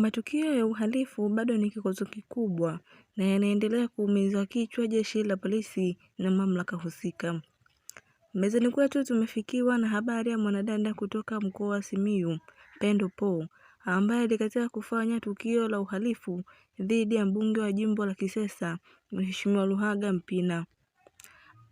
Matukio ya uhalifu bado ni kikwazo kikubwa na yanaendelea kuumiza kichwa jeshi la polisi na mamlaka husika. Mezani kwetu tumefikiwa na habari ya mwanadada kutoka mkoa wa Simiyu, Pendo Paul, ambaye alikataa kufanya tukio la uhalifu dhidi ya mbunge wa jimbo la Kisesa, Mheshimiwa Luhaga Mpina.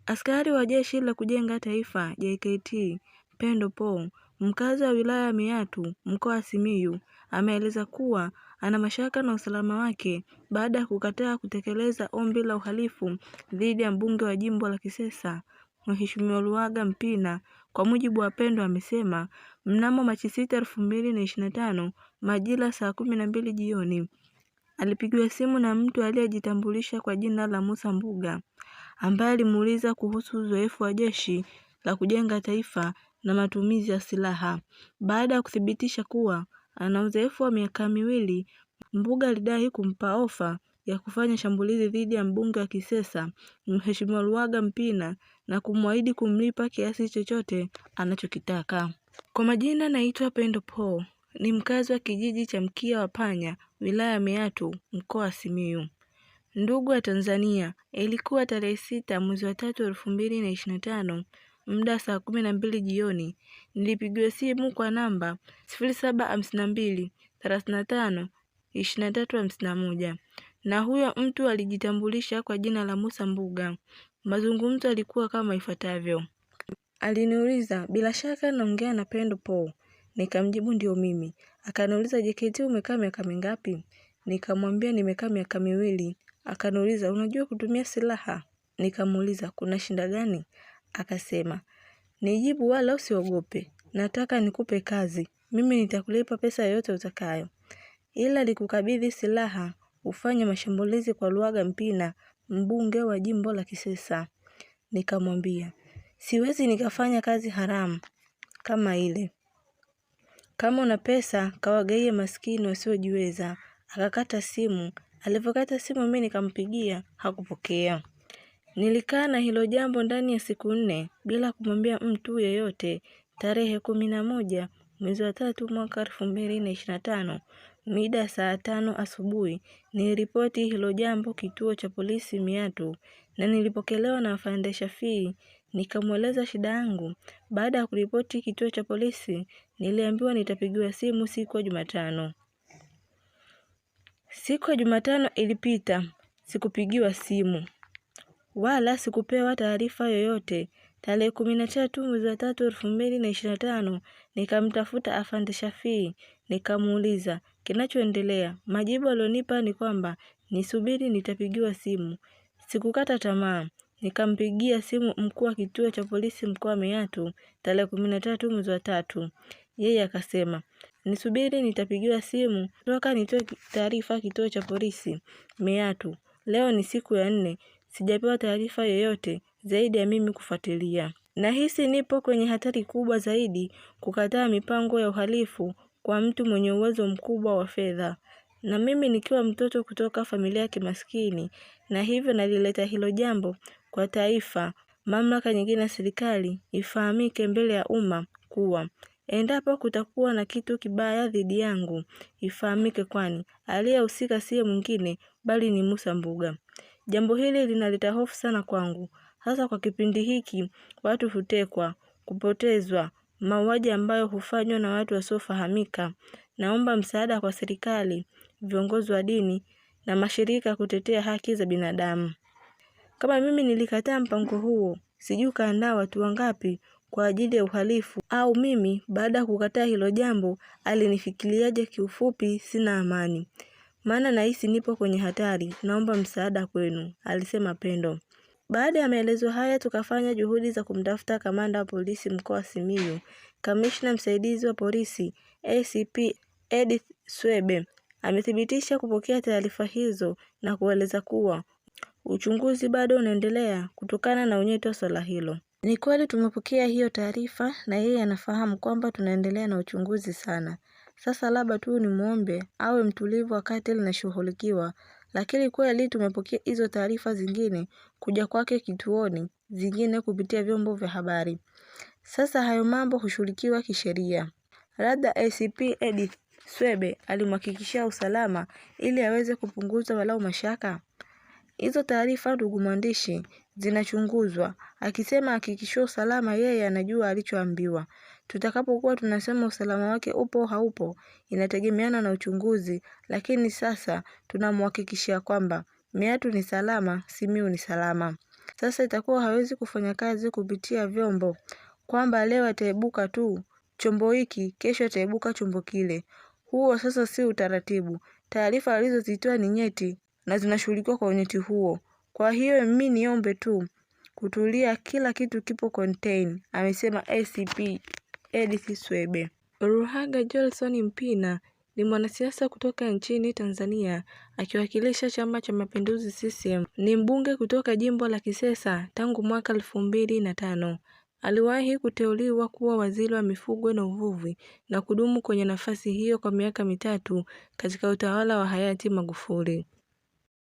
Askari wa Jeshi la Kujenga Taifa, JKT, Pendo Paul, mkazi wa wilaya ya Meatu, mkoa wa Simiyu, ameeleza kuwa ana mashaka na usalama wake baada ya kukataa kutekeleza ombi la uhalifu dhidi ya mbunge wa jimbo la Kisesa Mheshimiwa Luhaga Mpina. Kwa mujibu wa Pendo, amesema mnamo Machi sita elfu mbili na ishirini na tano majira saa kumi na mbili jioni alipigiwa simu na mtu aliyejitambulisha kwa jina la Musa Mbuga ambaye alimuuliza kuhusu uzoefu wa jeshi la kujenga taifa na matumizi ya silaha. Baada ya kuthibitisha kuwa ana uzoefu wa miaka miwili, Mbuga alidai kumpa ofa ya kufanya shambulizi dhidi ya mbunge wa Kisesa Mheshimiwa Luhaga Mpina na kumwahidi kumlipa kiasi chochote anachokitaka. Kwa majina naitwa Pendo Paul, ni mkazi wa kijiji cha Mkia wa Panya, wilaya ya Meatu, mkoa wa Simiyu. Ndugu wa Tanzania, ilikuwa tarehe sita mwezi wa tatu elfu mbili na ishirini na tano muda saa kumi na mbili jioni nilipigiwa simu kwa namba 0752352351 na huyo mtu alijitambulisha kwa jina la Musa Mbuga. Mazungumzo alikuwa kama ifuatavyo. Aliniuliza, bila shaka naongea na Pendo Paul. Nikamjibu ndio mimi. Akaniuliza, JKT umekaa miaka mingapi? Nikamwambia nimekaa miaka miwili. Akaniuliza, unajua kutumia silaha? Nikamuuliza, kuna shinda gani? Akasema, nijibu wala usiogope, nataka nikupe kazi, mimi nitakulipa pesa yoyote utakayo, ila nikukabidhi silaha ufanye mashambulizi kwa luaga Mpina, mbunge wa jimbo la Kisesa. Nikamwambia, siwezi nikafanya kazi haramu kama ile. Kama una pesa kawagaie maskini wasiojiweza. Akakata simu, alivyokata simu mimi nikampigia hakupokea. Nilikaa na hilo jambo ndani ya siku nne bila kumwambia mtu yeyote. Tarehe kumi na moja mwezi wa tatu mwaka elfu mbili na ishirini na tano mida saa tano asubuhi niliripoti hilo jambo kituo cha polisi miatu na nilipokelewa na afande Shafii nikamweleza shida yangu. Baada ya kuripoti kituo cha polisi niliambiwa nitapigiwa simu siku ya Jumatano. Siku ya Jumatano ilipita sikupigiwa simu wala sikupewa taarifa yoyote. Tarehe kumi na tatu mwezi wa tatu elfu mbili na ishirini na tano nikamtafuta Afande Shafii nikamuuliza kinachoendelea. Majibu alionipa ni kwamba nisubiri, nitapigiwa simu. Sikukata tamaa, nikampigia simu mkuu wa kituo cha polisi mkoa wa Meatu tarehe kumi na tatu mwezi wa tatu. Yeye akasema nisubiri, nitapigiwa simu toka nitoe taarifa kituo cha polisi Meatu. Leo ni siku ya nne sijapewa taarifa yoyote zaidi ya mimi kufuatilia. Nahisi nipo kwenye hatari kubwa zaidi kukataa mipango ya uhalifu kwa mtu mwenye uwezo mkubwa wa fedha na mimi nikiwa mtoto kutoka familia ya kimaskini na hivyo nalileta hilo jambo kwa taifa, mamlaka nyingine ya serikali ifahamike mbele ya umma kuwa endapo kutakuwa na kitu kibaya dhidi yangu ifahamike, kwani aliyehusika siye mwingine bali ni Musa Mbuga. Jambo hili linaleta hofu sana kwangu, hasa kwa kipindi hiki watu hutekwa, kupotezwa, mauaji ambayo hufanywa na watu wasiofahamika. Naomba msaada kwa serikali, viongozi wa dini na mashirika kutetea haki za binadamu. Kama mimi nilikataa mpango huo, sijui ukaandaa watu wangapi kwa ajili ya uhalifu au mimi baada ya kukataa hilo jambo alinifiliaje kiufupi sina amani maana nahisi nipo kwenye hatari, naomba msaada kwenu, alisema Pendo. Baada ya maelezo haya, tukafanya juhudi za kumtafuta kamanda wa polisi mkoa wa Simiyu, kamishna msaidizi wa polisi ACP Edith Swebe amethibitisha kupokea taarifa hizo na kueleza kuwa uchunguzi bado unaendelea kutokana na unyeti wa swala hilo. Ni kweli tumepokea hiyo taarifa, na yeye anafahamu kwamba tunaendelea na uchunguzi sana. Sasa labda tu nimwombe awe mtulivu wakati linashughulikiwa, lakini kweli tumepokea hizo taarifa zingine kuja kwake kituoni, zingine kupitia vyombo vya habari. Sasa hayo mambo hushughulikiwa kisheria. Labda ACP Edith Swebe alimhakikishia usalama ili aweze kupunguza walau mashaka. Hizo taarifa, ndugu mwandishi, zinachunguzwa akisema hakikisho usalama yeye anajua alichoambiwa. Tutakapokuwa tunasema usalama wake upo haupo inategemeana na uchunguzi, lakini sasa tunamhakikishia kwamba Meatu ni salama, Simiu ni salama. Sasa itakuwa hawezi kufanya kazi kupitia vyombo, kwamba leo ataibuka tu chombo hiki, kesho ataibuka chombo kile. Huo sasa si utaratibu. Taarifa alizozitoa ni nyeti na zinashughulikiwa kwa unyeti huo. Kwa hiyo mimi niombe tu kutulia, kila kitu kipo contain, amesema ACP Edith Swebe. Ruhaga Johnson Mpina ni mwanasiasa kutoka nchini Tanzania akiwakilisha Chama cha Mapinduzi CCM. Ni mbunge kutoka jimbo la Kisesa tangu mwaka elfu mbili na tano. Aliwahi kuteuliwa kuwa waziri wa mifugo na uvuvi na kudumu kwenye nafasi hiyo kwa miaka mitatu katika utawala wa hayati Magufuli.